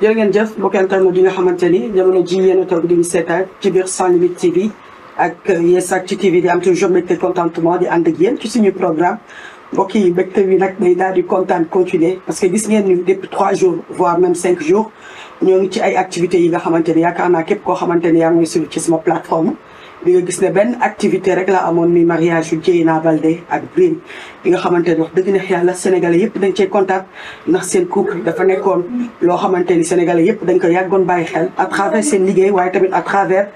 jërë ngeen jëf mbokk internet di nga xamante ni jamono ji yéen a toog di ñu seetaan biir Sans Limites TV ak Yes Actu TV di am toujours mbégte contentement di ànd ak yéen ci suñu programme mbokk yi mbégte bi nag day daal di kontaan continuer parce que gis ngeen ni depuis trois jours voire même cinq jours ñoo ngi ci ay activité yi nga xamante ni yaakaar naa képp koo xamante ni yaa ngi suivre ci sama plateforme di nga gis ne benn activité rek la amoon mi mariage yu Dieyna balde ak Brine di nga xamante ne wax dëgg neex yàlla sénégalais yëpp dañ cee kontaan ndax seen couple dafa nekkoon loo xamante ni sénégalais yëpp dañ ko yàggoon bàyyi xel à seen liggéey waaye tamit à travers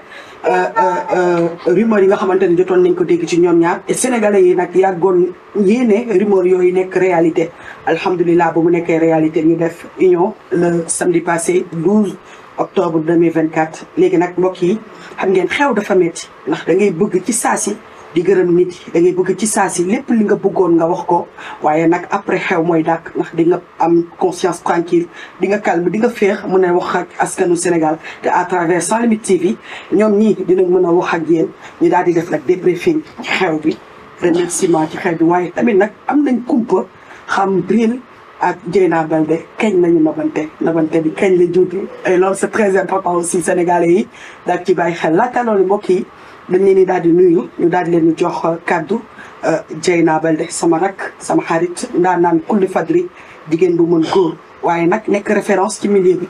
euh, euh, euh, rumeur yi nga xamante ne jotoon nañ ko dégg ci ñoom ñaar sénégalais yi nag yàggoon yéene rumeur yooyu nekk réalité alhamdulilah bu mu nekkee réalité ñu def union le samedi passé 12 octobre 2024 léegi nag mbokk yi xam ngeen xew dafa metti ndax da ngay bëgg ci saasi di gërëm nit yi da ngay bëgg ci saasi lépp li nga bëggoon nga wax ko waaye nag après xew mooy dàkk ndax di nga am conscience tranquille di nga calme di nga féex mën a wax ak askanu Sénégal te à travers Sans Limites TV ñoom ñii dinañ mën a wax ak yéen ñu daal di def nag débriefing ci xew bi remerciement ci xew bi waaye tamit nag am nañ kumpa xam réel ak Dieyna Baldé kañ lañu nobante nobante bi kañ la juddu et loolu c'est très important aussi sénégalais yi daal ci bàyyi xel laata loolu mbokk yi dañ leen di daal di nuyu ñu daal di leen di jox kaddu euh, naa Baldé sama rak sama xarit ndaa naan kulli fadri jigéen du mën góor waaye nag nekk référence ci milieu bi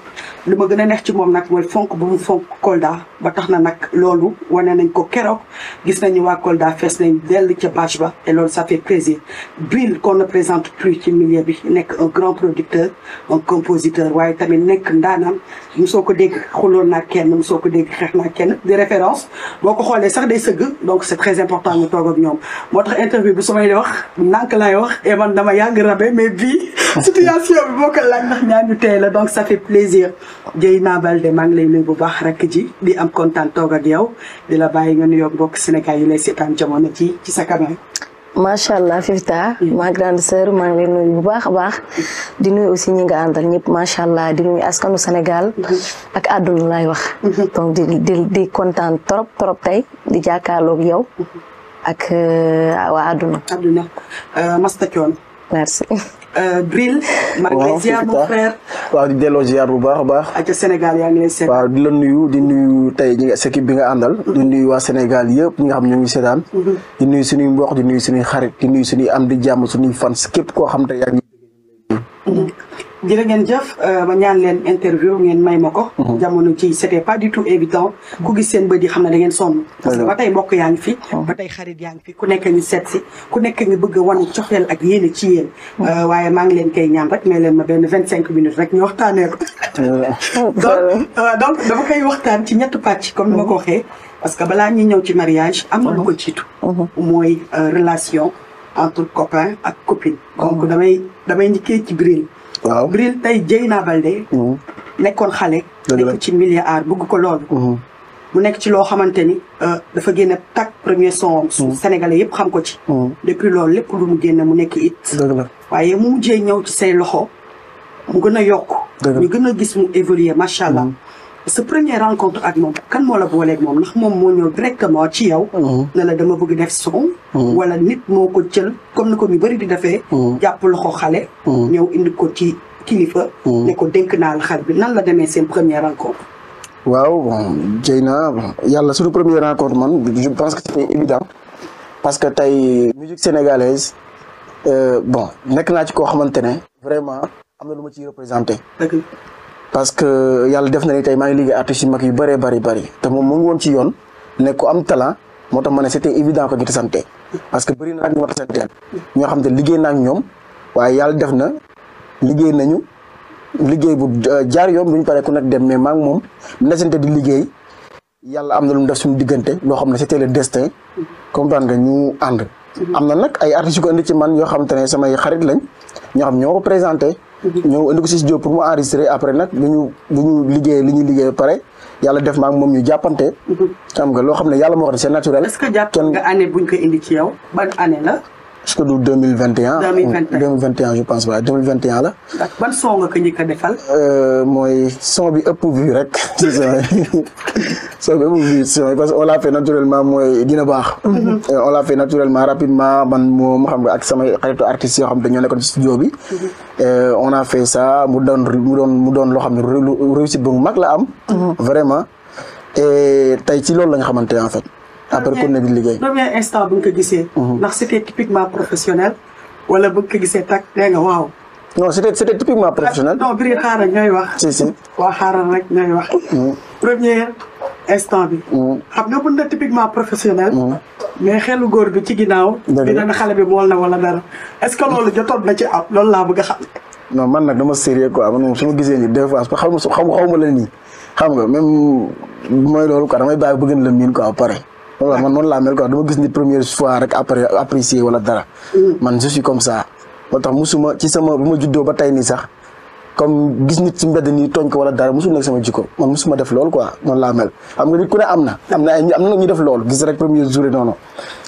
lu ma gën a neex ci moom nag mooy fonk bu mu fonk Kolda ba tax na nag loolu wane nañ ko keroog gis nañu waa Kolda fes nañ dell ca bâche ba et loolu ça fait plaisir Bril présente plus ci milieu bi nekk un producteur un compositeur waaye tamit nekk ndaanaan mu soo ko dégg xuloon naa kenn mu soo ko dégg xeex naa kenn di référence boo ko xoolee sax day sëgg donc c'est très important ñu toog ak ñoom moo tax interview bi su may wax nànk lay wax et man dama yàgg rabe mais bii situation boo ko ndax la donc ça fait plaisir maa ngi lay nuyu bu baax rek ji di am kontaan toog ak yow di la bàyyi nga nuyoog mbokk Sénégal yi lay seetaan jamono ci ci sa macha allah Fifta. ma grande sœur maa lay nuyu bu baax a baax. di aussi ñi nga àndal ñëpp macha allah di nuyu askanu Sénégal. ak àdduna lay wax. Mhm. donc di di kontaan trop trop tey di jàkkaarloog yow. Mhm. ak euh, waa àdduna. Euh, Masta Thion. merci. Euh, Bril. waaw ziar mon waaw di delloo ziar bu baax a baax. ak Sénégal yaa ngi lay waaw di la nuyu di nuyu tey ñi sa équipe bi nga àndal. di mhm. nuyu waa Sénégal yëpp ñi nga xam ñu ngi seetaan. Mhm. di nuyu suñuy mbokk di nuyu suñuy xarit di nuyu suñuy am di jàmm suñuy fans képp koo xam te yaa jërë ngeen jëf euh, ma ñaan leen interview ngeen may ma ko. Mhm. jamono ci c'était pas du tout évident. ku gis seen bët yi xam ne da ngeen sonn. parce tey mbokk yaa ngi fi. Mhm. ba tey xarit yaa ngi fi ku nekk ñu seet si ku nekk ñu bëgg a wan coxeel ak yéene ci yéen. Mhm. Euh, waaye maa ngi leen koy ñaan rek may leen ma benn vingt cinq minutes rek ñu waxtaanee ko. donc dama koy waxtaan ci ñett pàcc comme ni ma ko waxee. parce que balaa ñuy ñëw ci mariage am na lu ko jiitu. mooy euh, relation entre copain ak copine. donc damay damay njëkkee ci Bril. waaw bril tey Dieyna Baldé lekkoon mm-hmm. xale nekk ci milliard bëgg ko lool mm-hmm. mu nekk ci loo xamante ni euh, dafa génne quatre premier son mm-hmm. sénégalais yëpp xam ko ci depuis loolu lépp lu mu génne mu nekk it waaye mu mujjee ñëw ci say loxo mu gën a yokk ñu gën a gis mu évoluer macha allah sa première rencontre ak moom kan moo la booleeg moom ndax moom moo ñëw directement ci yow. Mm-hmm. ne la dama bëgg def son. Mm-hmm. wala nit moo ko jël comme ni ko ñu bëri di defee. Mm-hmm. jàpp loxo xale. ñëw indi ko ci kilifa. ne ko dénk naa la xale bi nan la demee seen première rencontre. waaw bon Dieyna yàlla suñu premier rencontre man je pense que c'était évident parce que tey musique sénégalaise euh, bon nekk naa ci koo xamante ne vraiment am na lu ma ciy représenté. parce que yàlla def na ni tey maa ngi liggéey artistes yu mag yu bëree bëri bëri te moom mu ngi woon ci yoon ne ku am talent moo tax man ne c'était évident que ñu tasante parce que bëri na ak ñu ma ñoo xam te liggéey ñoom waaye yàlla def na liggéey nañu liggéey bu euh, jaar yoon bu ñu paree ku nekk dem mais maa moom nasante di liggéey yàlla am na lu mu def suñu diggante loo xam ne c'était le destin comprendre nga ñu ànd mm-hmm. am na nag ay artistes yu ko indi ci man yoo xam te ne samay xarit lañ ñoo xam ñoo ko présenté ñëw indi ko si studio pour mu enregistrer après nag bu ñu bu ñu liggéey li ñuy liggéey pare yàlla def maak moom ñu jàppante. Mhm. xam nga loo xam ne yàlla moo xam ne naturel. est-ce que jàpp nga année buñ ko indi ci yow ban année la. est-ce que mille vingt et un. deux mille vingt et la. a defal. Euh, mooy son bi ëpp vue rek. ci son yi son parce que on l'a fait naturellement mooy dina baax. Mhm. Euh, on l'a fait naturellement rapidement man moom xam nga ak samay xaritu yoo xam te ñoo nekkoon ci studio bi. Mhm. Euh, on a fait ça mu doon mu doon mu doon loo xam ne réussite bu mag la am. Mhm. vraiment et tey ci loolu la nga xamante en fait. Ah, après kon nag liggéey premier instant bu nga ko gisee mhm. ndax c'était typiquement professionnel wala bu nga ko gisee tak dee nga waaw non c'était c'était typiquement professionnel non mhm. bi mhm. xam nga mën na typiquement professionnel mais xelu góor bi ci ginnaaw dina na xale bi mool na wala dara est-ce que loolu jotoon na ci am loolu laa bëgg a xam non man nag dama sérieux quoi man moom su ma gisee nii des fois xaw ma xaw ma la nii xam nga même mooy loolu quoi damay bàyyi bëgg na la miin quoi pare voilà ah. man noonu laa mel quoi dama gis nit première fois rek après apprécier wala dara. Mm. man je comme ça. moo tax musuma ci sama bu ma juddoo tey nii sax comme gis nit ci mbedd nii tooñ wala dara musul nekk sama jikko man musuma def loolu quoi noonu laa mel. xam nga nit ku ne am na am na ay na ñu def loolu gis rek premier jour yi noonu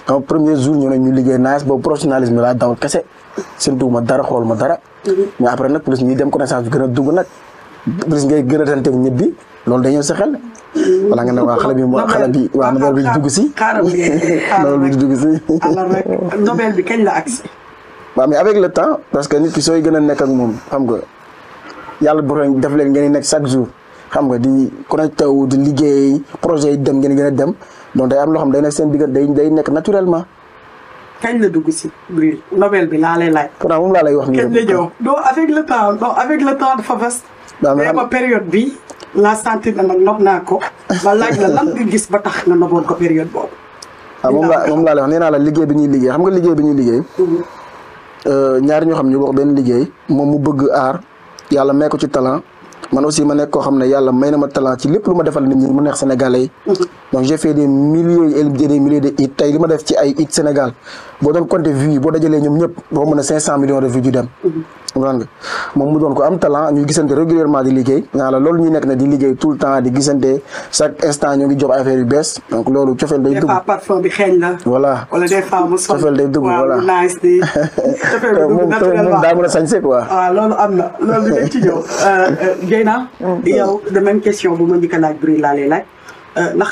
xam premier jour ñu ne ñu liggéey naaj boobu professionnalisme laa daw kese seen duguma dara xool ma dara. Mm-hmm. mais après nag plus ñuy dem connaissance bi gën a dugg nag. gis ngay gërëtante nit bi loolu dañoo sa xel wala nga ne waa xale bi moo xale bi waa nobel bi dugg si nobel bi dugg si nobel bi kañ la agsi waaw mais avec le temps parce que nit ki sooy gën a nekk ak moom xam nga yàlla bu leen def leen ngeen nekk chaque jour xam nga di connecté wu di liggéey projet yi dem ngeen gën a dem donc day am loo xam day nekk seen diggante day day nekk naturellement kañ la dugg si Bril nobel bi laa lay laaj pourtant moom laa lay wax nii kañ la ñëw donc avec mais ma période bi la santé na nag naa ko ma laaj la lan gis ba tax nga noboon ko période boobu waaw ah, moom laa moom laa lay wax nee naa la liggéey bi ñuy liggéey xam nga liggéey bi ñuy liggéey mm-hmm. euh, ñaari ñoo xam ne ñu bokk benn liggéey moom mu bëgg aar yàlla may ko ci talent man aussi ma nekk koo xam ne yàlla may na ma talent ci lépp lu ma defal nit ñi mu neex sénégalais yi mm-hmm. donc j'ai fait des milliers de hits tey li ma def ci ay it Sénégal boo doon compter vues boo dajalee ñoom ñëpp boo mën a cinq cent millions de ju dem mm-hmm. comprendre nga moom mu doon ko am talent ñu gisante régulièrement di liggéey naa la loolu ñu nekk ne di liggéey tout le temps di gisante chaque instant ñu ngi jox affaire yu bees donc loolu cofeel day dugg. la. wala a sañse euh, euh, mm. yow bu ma njëkk a laaj Bril laa lay laaj euh,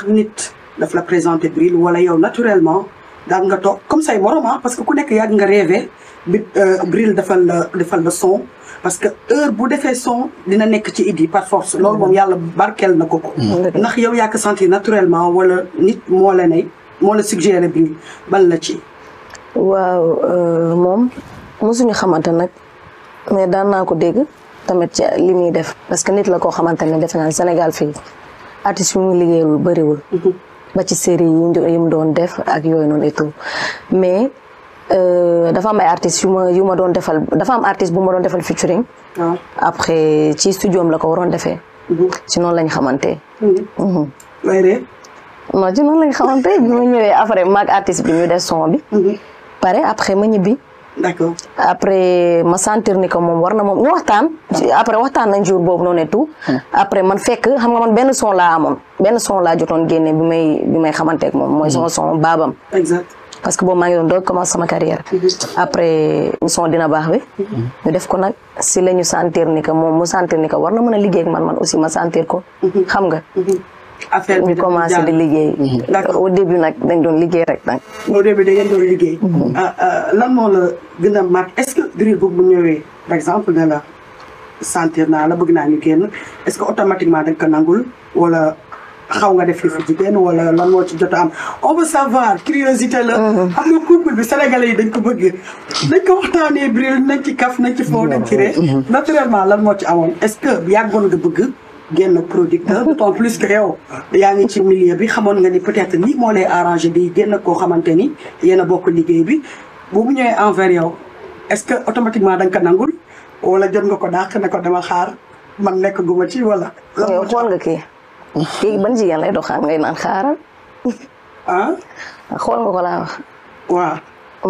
ndax la présenté Bril wala yow naturellement daan nga toog comme say morom ah, parce que ku nekk yàgg nga rêvé. bi euh, grill defal la defal la son parce que heure bu defee son dina nekk ci idi par force loolu moom yàlla barkeel na ko ko mm. ndax yow yaa ko sentir naturellement wala nit moo la ne moo la suggéré bi bal la ci waaw euh, moom mosuñu xamante nag mais daan naa ko dégg tamit ci li muy def parce que nit la koo xamante ne defe naa Sénégal fii artiste yu mu liggéeyul bëriwul mm-hmm. ba ci série yi mu doon def ak yooyu noonu et tout Euh, dafa am ay artistes yu ma yu ma doon defal dafa am artiste bu ma doon defal featuring. Ah. après ci studio am la ko waroon defee. Mhm. ci noonu lañ xamante. Mhm. Mhm. may de. non ci noonu lañ xamante bi ma ñëwee après maag artiste bi son bi. pare après ma ñibbi. d'accord après ma sentir ni ko moom war na moom ñu waxtaan. Ah. après waxtaan nañ jour boobu noonu et tout. Ah. après man fekk xam nga man benn son laa amoon benn son laa jotoon génne bi may bi may xamanteeg moom mooy son son baabam. exact parce que boo maa ngi doon doog commencé sama carrière après son dina baax bi ñu def ko nag si la ñu sentir ni que moom mu sentir ni que war na mën a liggéey man man aussi ma sentir ko xam nga affaire ñu commencé di liggéey. d'accord au début nag dañ doon liggéey rek nag. au début da mhm. ah, ah, lan moo la gën a marqué est-ce que Drill bu ñëwee par exemple ne la sentir naa la bëgg naa ñu génn est-ce que automatiquement dañ ko nangul wala. xaw nga def fi jigéen wala lan moo ci jot am on veut savoir curiosité la. Uh-huh. xam nga couple bi sénégalais yi dañ ko bëgg. dañ ko waxtaanee biir nañ ci kaf nañ ci foofu nañ ci uh-huh. Uh-huh. lan moo ci amoon est-ce que yàggoon nga bëgg. génn producteur yaa ngi ci milieu bi xamoon nga ni peut-être nii moo lay arrangé di génn koo xamante ni yéen a liggéey bi bu mu ñëwee envers yow est-ce que automatiquement da nga ko nangul wala jot nga ko dàq ne ko dama xaar man nekk guma ci wala. lan xool nga kii. léegi ban jigéen lay doxaan ngay naan xaaral. Ah? ah. xool nga ko laa wax. waaw.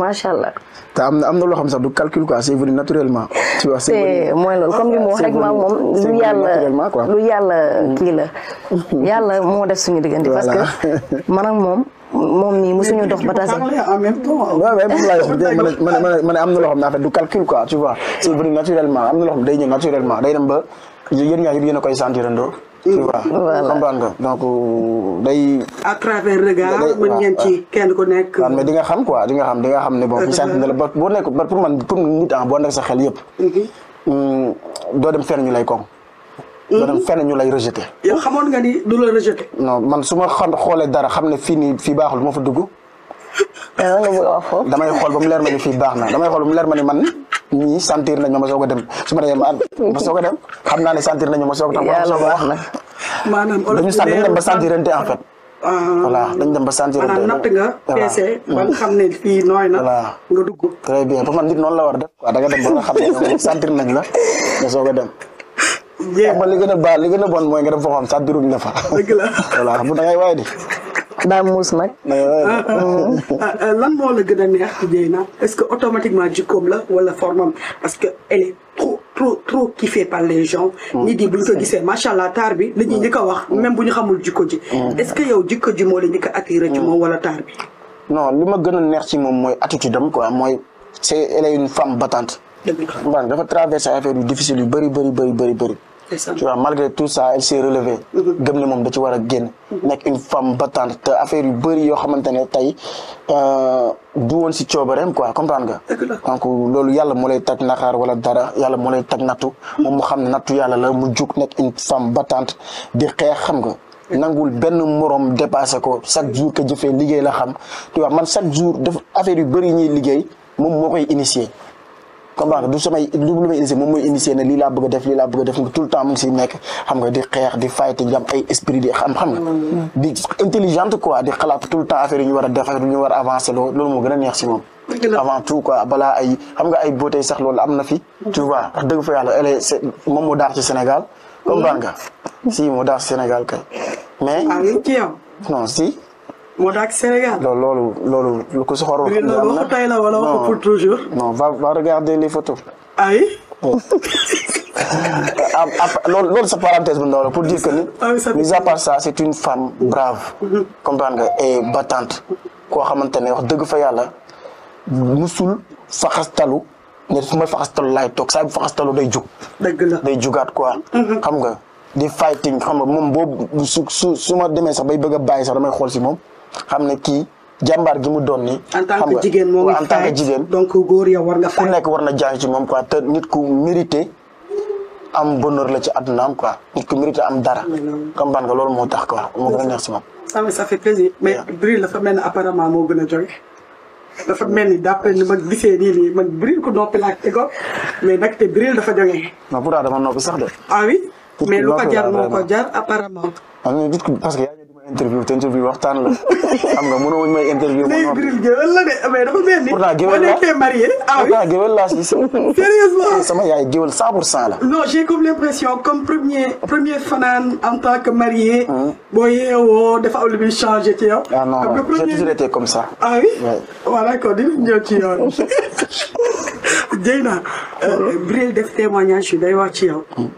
macha allah. te am na am na loo xam sax du calcul quoi c'est venu naturellement. tu vois c'est mu wax rek ah, maam moom lu lu yàlla mm. kii la. yàlla moo def suñu diggante. parce que man ak moom. moom nii mosuñu am na loo xam ne affaire du calcul quoi tu vois naturellement am na loo day ñëw naturellement day dem ba yéen ñaa yéen a koy tu mm. vois comprendre nga donc euh, day. à travers regard mën kenn ku nekk. mais di nga xam ko di nga xam di nga xam ne bon. sant na la ba boo nekk ba pour man pour nit ah boo nekk sax xel yépp mhm. mm, doo dem fenn ñu lay koŋ. doo dem mhm. fenn ñu lay rejeté. yow xamoon nga ni du la rejeté. non man su ma xam xoolee dara xam ne fii nii fi baax lu ma fa dugg. Ah, damay xool ba mu leer ma ni fii baax na damay xool ba mu leer ma ni man. ñii sentir nañ ma ma soog a dem su ma demee ma ma soog a dem xam naa ne sentir nañ ma ma a dem. yàlla wax nag. maanaam olof bi dañu dem ba sentirante en fait. Ah, voilà dem ba sentirante. maanaam natt nga peese. Mm. ba nga xam ne fii nooy na. voilà nga dugg. très bien ba man nit noonu la war a def waaw da nga dem ba nga xam ne sentir nañ la nga a dem. jéem li gën a baax li gën a bon mooy nga dem foo xam sentir wuñ la fa. dëgg la voilà bu di. daa muus nag. Ah, ah, ah, hmm. lan moo la gën a neex ci Dieyna est-ce que automatiquement jikkoom la wala formam parce que elle est trop trop trop kiffée par les gens. Hmm. nit di bu ñu ko gisee macha allah taar bi. la ñuy njëkk a wax hmm. même bu ñu xamul jikko ji. est-ce que yow jikko ji moo la njëkk a attiré ci moom wala taar bi. non li ma gën a neex ci moom mooy attitude am quoi mooy c'est elle est une femme battante. dëgg dafa traversé affaire yu difficile yu bëri bëri bëri bëri bëri. tu vois malgré tout ça elle s'est relevée mm-hmm. gëm ne moom da ci war a génn mm-hmm. nekk une femme battante te affaire yu bëri yoo xamante ne tey euh, du woon si coobareem quoi comprendre nga donc loolu yàlla moo lay tag naxaar wala dara yàlla moo lay tag nattu mm-hmm. moom mu xam ne nattu yàlla la mu jug nekk une femme battante di xeex xam nga nangul benn morom dépassé ko chaque jour que jëfee liggéey la xam tu man chaque jour def affaire yu bëri ñuy liggéey moom moo koy initier comprendre du samay du lu may initié moom mooy initié ne lii laa bëgg a def lii laa bëgg def nga tout temps mu ngi nekk xam nga di xeex di fight di am ay esprit di xam xam nga di intelligente quoi di xalaat tout le temps affaire yu ñu war a def affaire a avancer loolu loolu moo a neex si avant tout quoi balaa ay xam nga ay beauté sax loolu am na fi tu vois wax dëgg fa moom moo daax ci Sénégal comprendre nga si moo ci Sénégal kay mais ah, non si moo dàq Sénégal. loolu loolu ko soxoroon. xam nga na waxu tey la wala waxu pour toujours. non va va regarder oh. loolu sa parenthèse bu ndaw la pour dire que ni. Ah mis à part c'est une femme brave. Mm-hmm. comprendre nga et battante. koo xamante ne wax dëgg fa yàlla musul faxastalu ne su ma faxastalu laay toog saa bu faxastalu day jug. dëgg day jugaat ko mm-hmm. xam nga di fighting xam nga moom boobu su su su ma demee sax bay bëgg a bàyyi sax damay xool si moom. xam ne kii jàmbaar gi mu doon ni en tant que jigéen moom en tant que ku nekk war na jàng ci moom quoi nit ku mérité am bonheur la ci àddunaam quoi nit ku mérité am dara comme ban nga loolu moo tax quoi moo gën a neex si moom ça ça fait plaisir mais Bril dafa mel ni apparemment a jóge dafa mel ni ma gisee nii nii man Bril ko noppi laa ko mais nag te Bril dafa jóge non sax de ah interview te interview waxtaan la xam nga mënoo woon may interview. léegi Bril géwél la de mais dafa mel ni. pourtant géwél la boo nekkee marié. ah oui pourtant géwél laa si. sérieusement eh, sama yaay géwél 100 pour 100 la. non j'ai comme l'impression comme premier premier fanaan en tant que marié. boo yeewoo dafa am lu muy changé ci yow. ah non non j'ai toujours été comme ça. ah oui voilà d'accord dinañ ñëw ci yoon. Dieyna euh, Bril def témoignage yu day wax ci yow. Hmm.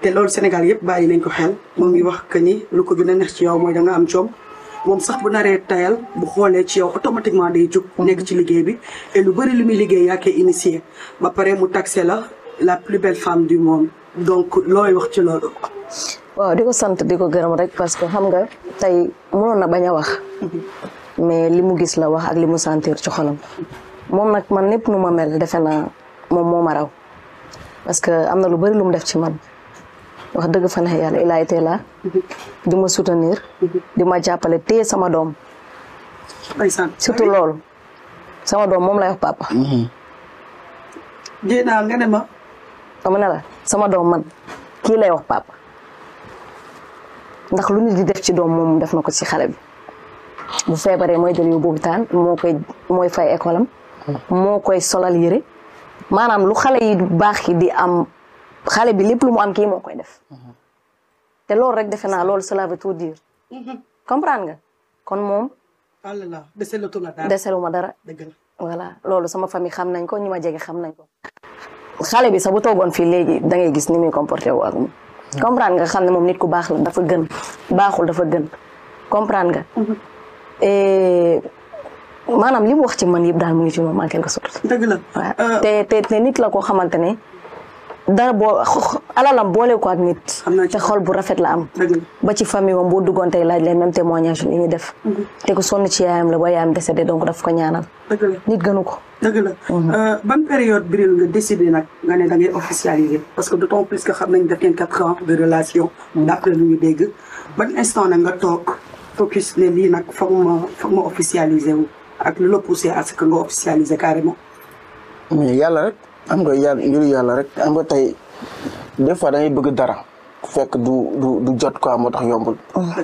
te loolu Sénégal yëpp bàyyi nañ ko xel mu ngi wax que ni lu ko gën a mooy da am coom moom sax bu naree tayal bu xoolee ci yow automatiquement day jug. nekk ci liggéey bi et lu bëri lu liggéey yaa koy initié ba pare mu taxé la la plus belle femme du monde donc looy wax ci loolu. waaw di ko sant di ko gërëm rek parce xam nga tey mënoon na bañ a wax. mais li mu gis la wax ak li mu sentir ci xolam. moom nag man népp nu ma mel defe naa moom moo ma raw parce que am na lu bëri lu mu def ci man. wax dëgg fa na yàlla il a été di ma soutenir di ma jàppale téye sama doom surtout loolu sama doom moom lay wax papa mm-hmm. jéenaa ma dama la sama doom man kii lay wax papa lu nit di def ci doom moom def na ko ci xale bi bu feebaree mooy jël yóbbu hôpital moo koy mooy fay école am mm. moo koy solal yére maanaam lu xale yi baax yi di am xale bi lépp lu mu am kii koy def mhm. te loolu rek defe naa loolu cela veut tout dire mhm. comprendre kon moom alla deseluma dara voilà loolu sama famille xam nañ ko ñi ma jege xam nañ ko xale bi sax bu toogoon fii léegi da ngay gis ni muy comporté wu moom mhm. comprendre nga xam ne moom nit ku baax la dafa gën baaxul dafa gën comprendre nga maanaam li mu wax ci man yëpp daal mu ngi ci moom en quelque sorte euh, te nit la koo xamante ne dara boo alalam boole ko ak nit. te xool bu rafet la am. ba ci famille boo duggoon tey laaj leen même témoignage yi ñuy def. Mhm. te ko sonn ci yaayam la ba yaayam décédé donc daf ko ñaanal. nit gënu ko. dëgg la mhm. euh, ban période Bril nga décidé nag nga ne da ngay officialiser parce que d'autant plus que xam nañ def ngeen quatre mhm. ñu dégg ban instant nag nga toog focus ne lii nag foog ma foog ma officialiser wu ak lu la poussé à ce que nga officialiser carrément. mais yàlla rek. am nga yàlla ngir yàlla rek am nga tey des fois da bëgg dara fekk du du du jot quoi moo tax yombul.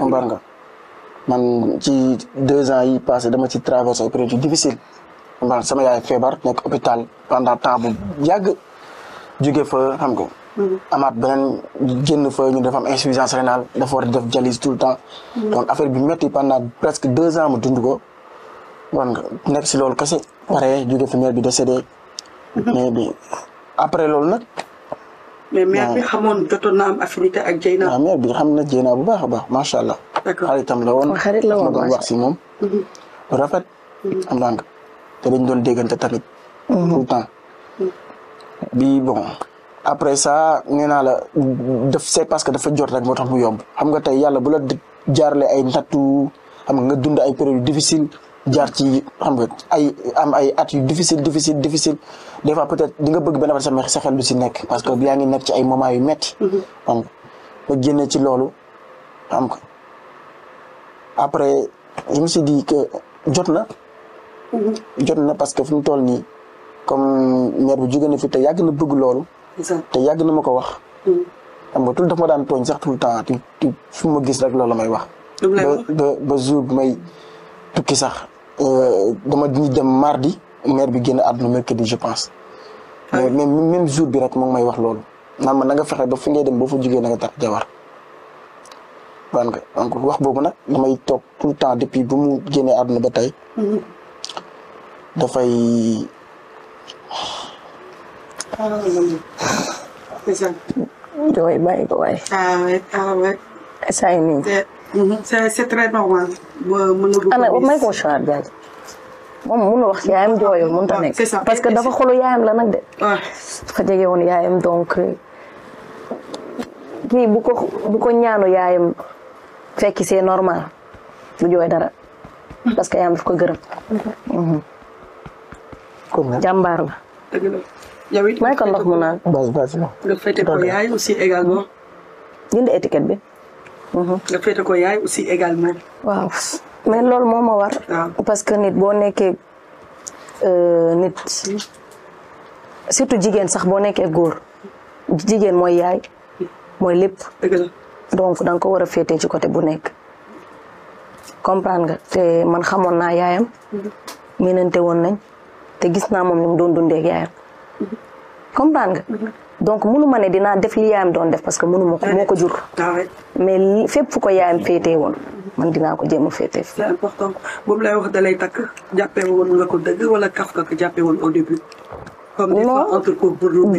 mbar nga man ci deux ans yi passé dama ci traversé période yu difficile. man sama yaay feebar nekk hôpital pendant temps bu yàgg jóge fa xam nga. Mhm. amaat beneen génn ñu dafa am insuffisance rénale dafa war def dialyse tout le temps. Mhm. donc bi métti pendant presque deux ans mu dund ko. wan nga nekk si loolu kese. pare jóge fa mère bi décédé. mais bi après loolu nag. mais mère bi xamoon jotoon na am affinité ak Dieyna. waaw mère bi xam na Dieyna bu baax a baax macha allah. d'accord xaritam la woon xarit la woon doon wax moom. Mm-hmm. Mm-hmm. rafet. am naa te dañ doon déggante tamit. Mm-hmm. bi bon après ça la def c'est parce que dafa jot rek moo tax mu yomb xam nga tey yàlla bu la jaarale ay nattu xam nga nga dund ay période difficile jaar ci xam nga ay am ay at yu difficile difficile difficile des fois peut-être di bëgg benn affaire sax mais sa xel du si nekk parce que yaa ngi nekk ci ay moments yu metti xam mm-hmm. nga ba génne ci loolu xam ka après je me jot na. Mm-hmm. jot na parce que fu mu toll nii comme maire bu jóge na yàgg na bëgg loolu. te yàgg na ma ko wax. Mm. xam nga tout dafa daan tooñ sax tout le temps ti fu ma gis rek loolu may wax. ba jour bi may tukki sax. Euh, dama ñu dem mardi maire bi génn àdduna mercredi je pense. Ah. mais même même jour bi rek moom may wax lool naan ma na nga fexe ba fi ngay dem boo fo jugee na nga tax jabar. baan nga donc wax boobu nag toog tout le temps depuis bu mu génnee àdduna ba tey. Mm-hmm. dafay. Ah, jooy bàyyi Mhm. c'est c'est très normal. jaaj ah, moom mënul wax yaayam jooyul ah, mënut a nekk. parce que dafa xolu yaayam la nag de. waaw ah. jege woon yaayam donc kii bu ko bu ñaanu yaayam fekki c'est normal du jooy dara. parce que yaayam daf ko gërëm. Mhm. jàmbaar la. dëgg la ko mu naan. nga fete mhm. bi. nga féete ko yaay aussi également. waaw mais loolu moo ma war. parce que nit boo nekkee euh, nit. surtout jigéen sax boo nekkee góor jigéen mooy yaay mooy lépp. donc da nga ko war a féetee ci côté bu nekk. comprendre nga te man xamoon naa yaayam. Mhm. miinante woon nañ te gis naa moom ni doon dundee ak yaayam. Mhm. comprendre nga. Mhm. donc mënu ma ne dinaa def li yaayam doon def parce que mënu ma ko moo ko jur ah mais fépp fu ko yaayam féetee woon man dinaa ko jéem a féetee c'est important moom lay wax dalay takk jàppee woon ko dëgg wala kaf nga ko jàppee woon au début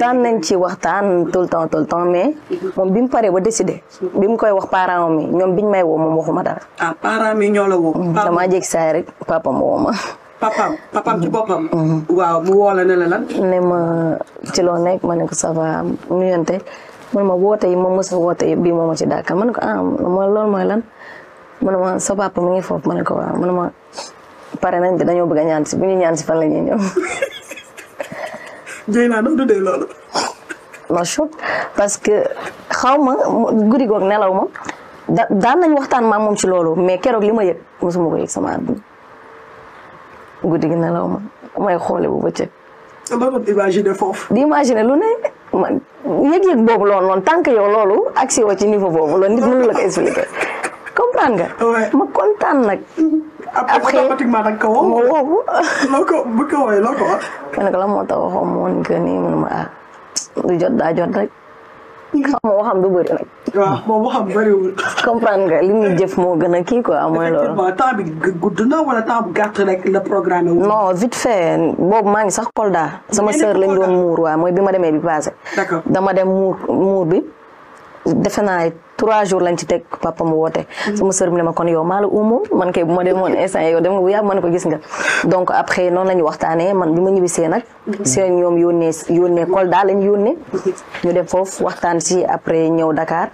daan nañ ci waxtaan tout le temps tout le mais moom bi mu paree ba décidé bi mu koy wax parents mi ñoom biñ may woo moom waxuma dara ah parents mi ñoo la woo damaa jékki saay rek papa ma woo ma papaam papaam ci boppam. Mhm. waaw mu woo la ne lan. ne ma ci loo nekk ma ne ko ça va nuyante ma woote yi ma mos a bii moo ma ci dàkka ne ko ah mooy loolu mooy lan mu ne ma sa papa mi ngi foofu ma ne ko waaw ma pare nañ de dañoo bëgg a ñaan si bu ñu ñaan si fan la ñuy ñëw. jëy naa doo dundee loolu. ma choc parce que xaw ma guddi goog nelaw ma daal nañ waxtaan maa moom ci loolu mais keroog li ma yëg mosuma ko yëg sama àdduna. guddi gi nelaw ma may xoole bu bëccëg. Ah, ba ba foofu. di imaginer lu ne man yëg boobu loolu noonu tant que yow loolu accès woo ci niveau boobu loolu nit mënu la ko expliquer comprendre nga. ma kontaan nag. Mm-hmm. après ma woo loo ko ma ne la moo tax waxoon ma woon que nii mënuma ah du jot daa jot rek. xam waxam du bëri nag. waaw moom waxam bëriwul. nga li muy jëf moo gën a kii quoi mooy loolu. effectivement temps bi gudd na wala temps bu gàtt rek programme wu. non vite fait boobu maa ngi sax Kolda. sama sœur lañ doon muur waa mooy bi ma demee bi passé. dama dem muur muur bi. defe naa trois jours lañ ci teg papa mu woote. Mm-hmm. sama sœur ma kon yow maa la umu man kay bu ma demoon instant yow dem nga bu yàgg ma ko gis nga. donc après noonu la ñu waxtaanee man bi ma ñibbisee nag. si mm-hmm. la ñoom yónnee yónnee Kolda lañ yónnee. Mm-hmm. ñu dem foofu waxtaan si après ñëw Dakar.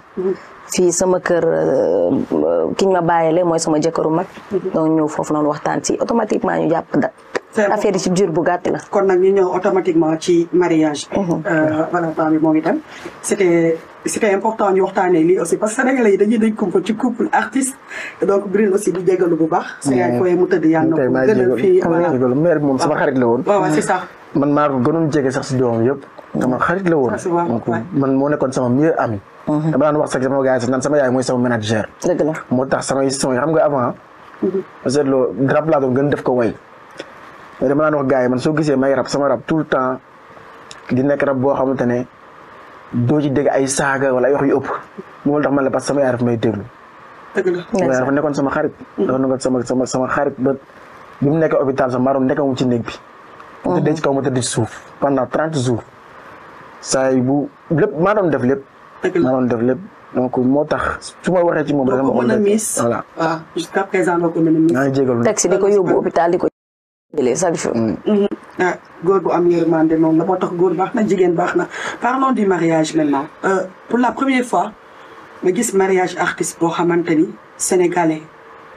fii sama kër euh, ki ñu ma bàyyeele mooy sama jëkkëru mag. donc ñëw foofu noonu waxtaan si automatiquement ñu jàpp date. affaire yi ci jur bu gàtt la. kon nag ñu ñëw automatiquement ci mariage bi. Mhm. Euh, voilà temps bi moom itam c' parce que sénégalais yi dañuy dañ ko ci couple artiste donc Bril aussi di jégalu bu baax. sa yaay fooyee mu tëdd yàlla na ko gën a fii voilà mère moom sama xarit la woon. man maa gënoon jege yëpp. sama xarit la woon. Ah, donc man moo nekkoon sama mieux ami. Mhm. dama sama yi sax yaay mooy sama manager. dëgg la moo tax samay xam nga avant. seetloo mhm. rap laa doon gën def ko way mais dama naan wax gars yi man soo gisee may rab sama rab tout temps di nekk rab boo xamante ne doo ci dégg ay saaga wala ay wax yu ëpp moom tax man la parce que sama yaay dafa may déglu. la dafa nekkoon sama xarit. Mm. dafa nekkoon sama sama sama xarit ba bi mu nekk hôpital sax maa doon nekkamu ci néeg bi. mu mm-hmm. tëddee ci kaw ma tëddee ci suuf pendant trente jours. saa yi bu lépp maa doon def lépp. maa doon def lép donc moo tax su ma waxee ci moom. dama ko mën a miis di ko yóbbu hôpital di ko. jëlee chaque jour. ah góor bu am yërmande moom la moo tax góor baax na jigéen baax na parlons du mariage maintenant euh, pour la première fois ma gis mariage artiste boo xamante ni sénégalais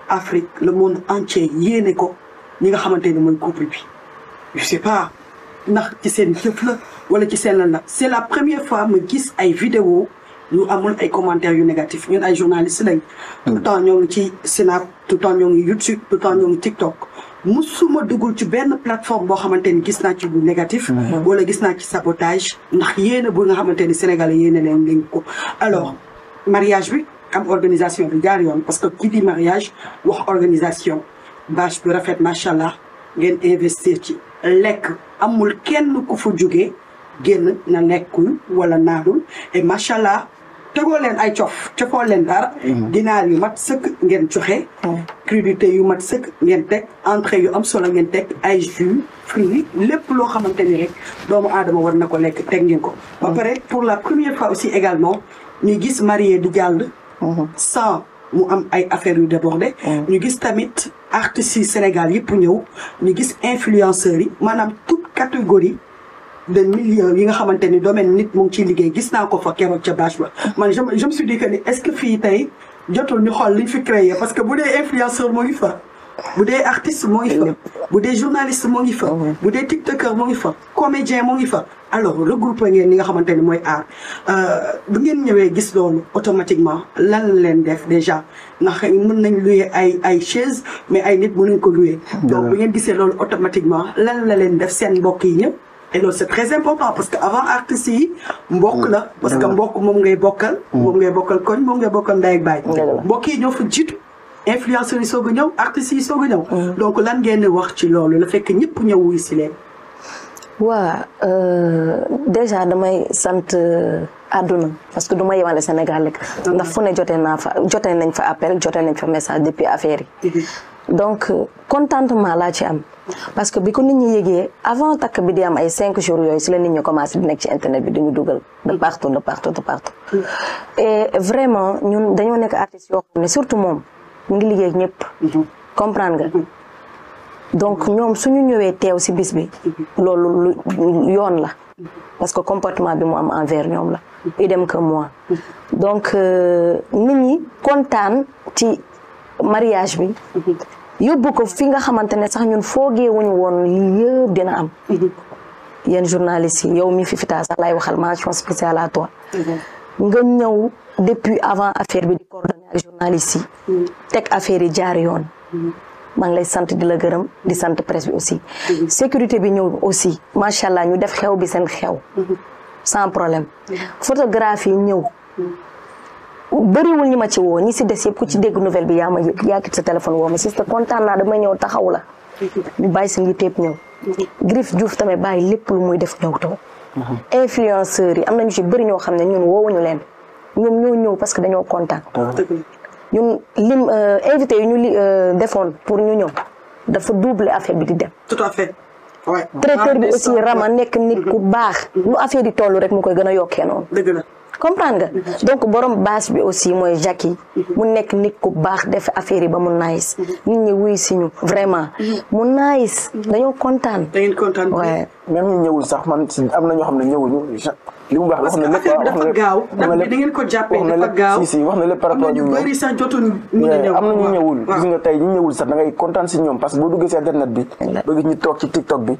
Afrique le monde entier yéene ko ñi nga xamante ni mooy couple bi je sais pas ndax ci seen jëf la wala ci seen lan la c'est la première fois ma gis ay vidéo ñu amul ay commentaires yu négatif ñun ay journalistes lañ mm. tout le temps ñoo ngi ci Snap tout le temps ñoo ngi YouTube tout le temps ma duggul ci benn plateforme boo xamante ni gis naa ci lu négatif. wala gis naa ci sabotage ndax yéen a bu nga xamante ni Sénégal yéen a leen ko. alors mariage bi am organisation bi jaar yoon parce que ki mariage wax organisation bâche bi rafet macha allah ngeen investir ci. lekk amul kenn ku fa jógee génn na nekkul wala naanul et macha allah tegoo leen ay cof cofoo leen daar dinaar mhm. yu mat sëkk ngeen joxe. Mhm. crudité yu mat sëkk ngeen teg entrée yu am solo ngeen teg ay jus fruits lépp loo xamante ni rek doomu aadama war na ko lekk teg ngeen ko. ba mhm. pare pour la première fois aussi également ñu gis marié di jàll. sans mu am ay affaires yu débordé. ñu gis tamit artistes yi Sénégal yëpp ñëw ñu gis influenceurs yi maanaam toute catégorie. de millions yi nga xamante ni domaine nit mu ngi ciy liggéey gis naa ko fa keroog ca bâche ba man je me suis dit que ni est-ce que fii tey jotul ñu xool liñ fi créé parce que bu dee influenceur moo ngi fa bu dee artiste moo ngi fa bu dee journaliste moo ngi fa oh, bu dee tiktoker moo ngi fa comédien moo ngi fa alors regroupé ngeen li nga xamante ni mooy art euh, bu ngeen ñëwee gis loolu automatiquement lan la leen def déjà ndax mën nañ louer ay ay chaise mais ay nit mënuñ ko louer donc bu ngeen gisee loolu automatiquement lan la leen def seen mbokk yi ñëpp et loolu c'est très important parce que avant artistes yi mbokk la mm. parce que mm. mbokk moom ngay bokkal mm. moom ngay bokkal koñ moom ngay bokkal ndey ak baay mbokk yi ñoo fa jiitu influenceurs yi soog a ñëw artistes yi soog a ñëw donc lan ngeen wax ci loolu la fekk ñëpp ñëw wuy si leen waa euh, déjà damay sant euh, àdduna parce que du ma yemale Sénégal rek ndax fu ne jotee naa fa jotee nañ fa appel jotee nañ fa message depuis affaire yi mm-hmm. donc euh, contentement laa ci am parce que bi ko nit ñi yëgee avant takk bi di am ay cinq jours yooyu si la nit ñi commencé di nekk ci internet bi duñu dugal de partout de partout de partout et vraiment ñun dañoo nekk artistes yoo xam ne surtout moom mu ngi liggéey ak ñëpp donc ñoom suñu ñëwee teew si bis bi loolu lu yoon la parce que comportement bi mu am envers ñoom la dem que moi donc euh, nit ñi kontaan ci mariage bi yóbbu ko fi nga xamante ne sax ñun foogee wuñu woon lii dina am. yéen journaliste yi yow mi fi fitaa sax laay waxal mention spéciale à toi. nga ñëw depuis avant affaire bi di coordonner ak journaliste yi. teg affaire yi jaar yoon. maa ngi lay sant di la gërëm di sant presse bi aussi. sécurité bi ñëw aussi macha allah ñu def xew bi seen xew. sans problème photographie ñëw. bëriwul ñi ma ci woo ñi si des yëpp ku ci dégg nouvelle bi yaa ma yëg yaa sa téléphone woo ma sista kontaan naa dama ñëw taxaw la ñu bàyyi seen yitteeb ñëw Griff Diouf tamit bàyyi lépp lu muy def ñëw taw influenceurs yi am nañu ci bëri ñoo xam ne ñun woowuñu leen ñoom ñëw parce que dañoo kontaan ñun lim euh, invité yi ñu li euh, defoon pour ñu ñëw dafa double affaire bi di dem tout à traiteur bi aussi ram a nekk nit ku baax mm-hmm. lu affaire yi tollu rek mu koy gën a yokkee noonu dëgg la comprendre nga mhm. donc borom baas bi aussi mooy Jacky mhm. mu nekk nit ku baax defe affaire yi ba mu nice mhm. nit ñi si ñu vraiment mu nice dañoo kontaan. da ngeen kontaan waaye même ñu ñëwul sax man am na ñoo xam ne ñëwuñu li mu wax wax na lépp parce ko jàppee dafa gaaw si wax na lépp par rapport ñu am na ñu ñëwul gis nga tey ñu ñëwul sax da ngay si ñoom parce que boo duggee si internet bi ba gis ñu toog ci bi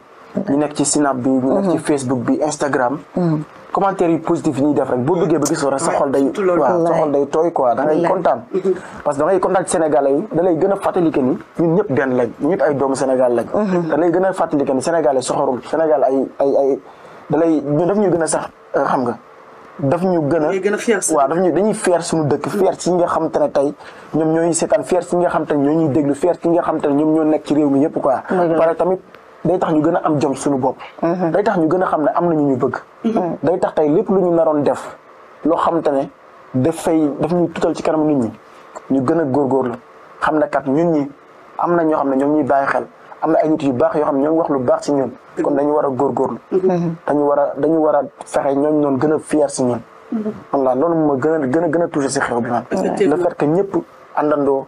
ñu nekk ci Snap bi. ñu nekk ci mm. Facebook bi Instagram. Mm. commentaire yu positif yi ñuy def rek boo bëggee ba gisoo rek sa que da ngay kontaan Sénégalais da lay gën a fàttali que ni mm-hmm. a fàttali que ni Sénégalais soxorul Sénégal ay ay ay da lay ñun ñu gën a sax euh, xam nga. daf ñu gën a gën a fier waaw daf ñu dëkk mm. fier ci nga xam te ne tey ñoom xam ne ñoo ñuy déglu fier ci nga xam te ne ñoom ñoo nekk ci réew mi ñëpp quoi pare tamit day tax ñu gën a am jom suñu bopp. Mhm. day tax ñu gën a xam ne am na ñu ñu bëgg. Mhm. day tax tey lépp lu ñu naroon def loo xam te ne def fay daf ci kanam nit ñi ñu gën a góorgóorlu xam ne kat ñu ñi am na ñoo xam ne ñoom ñuy bàyyi xel am na ay nit yu baax yoo xam ne ñoo wax lu baax si ñun. kon dañu war a góorgóorlu. Mhm. dañu war a dañu war a fexe ñooñu noonu gën a fier si ñun. voilà loolu moo gën a gën a gën a touché si xew bi maanaam. le fait que ñëpp àndandoo.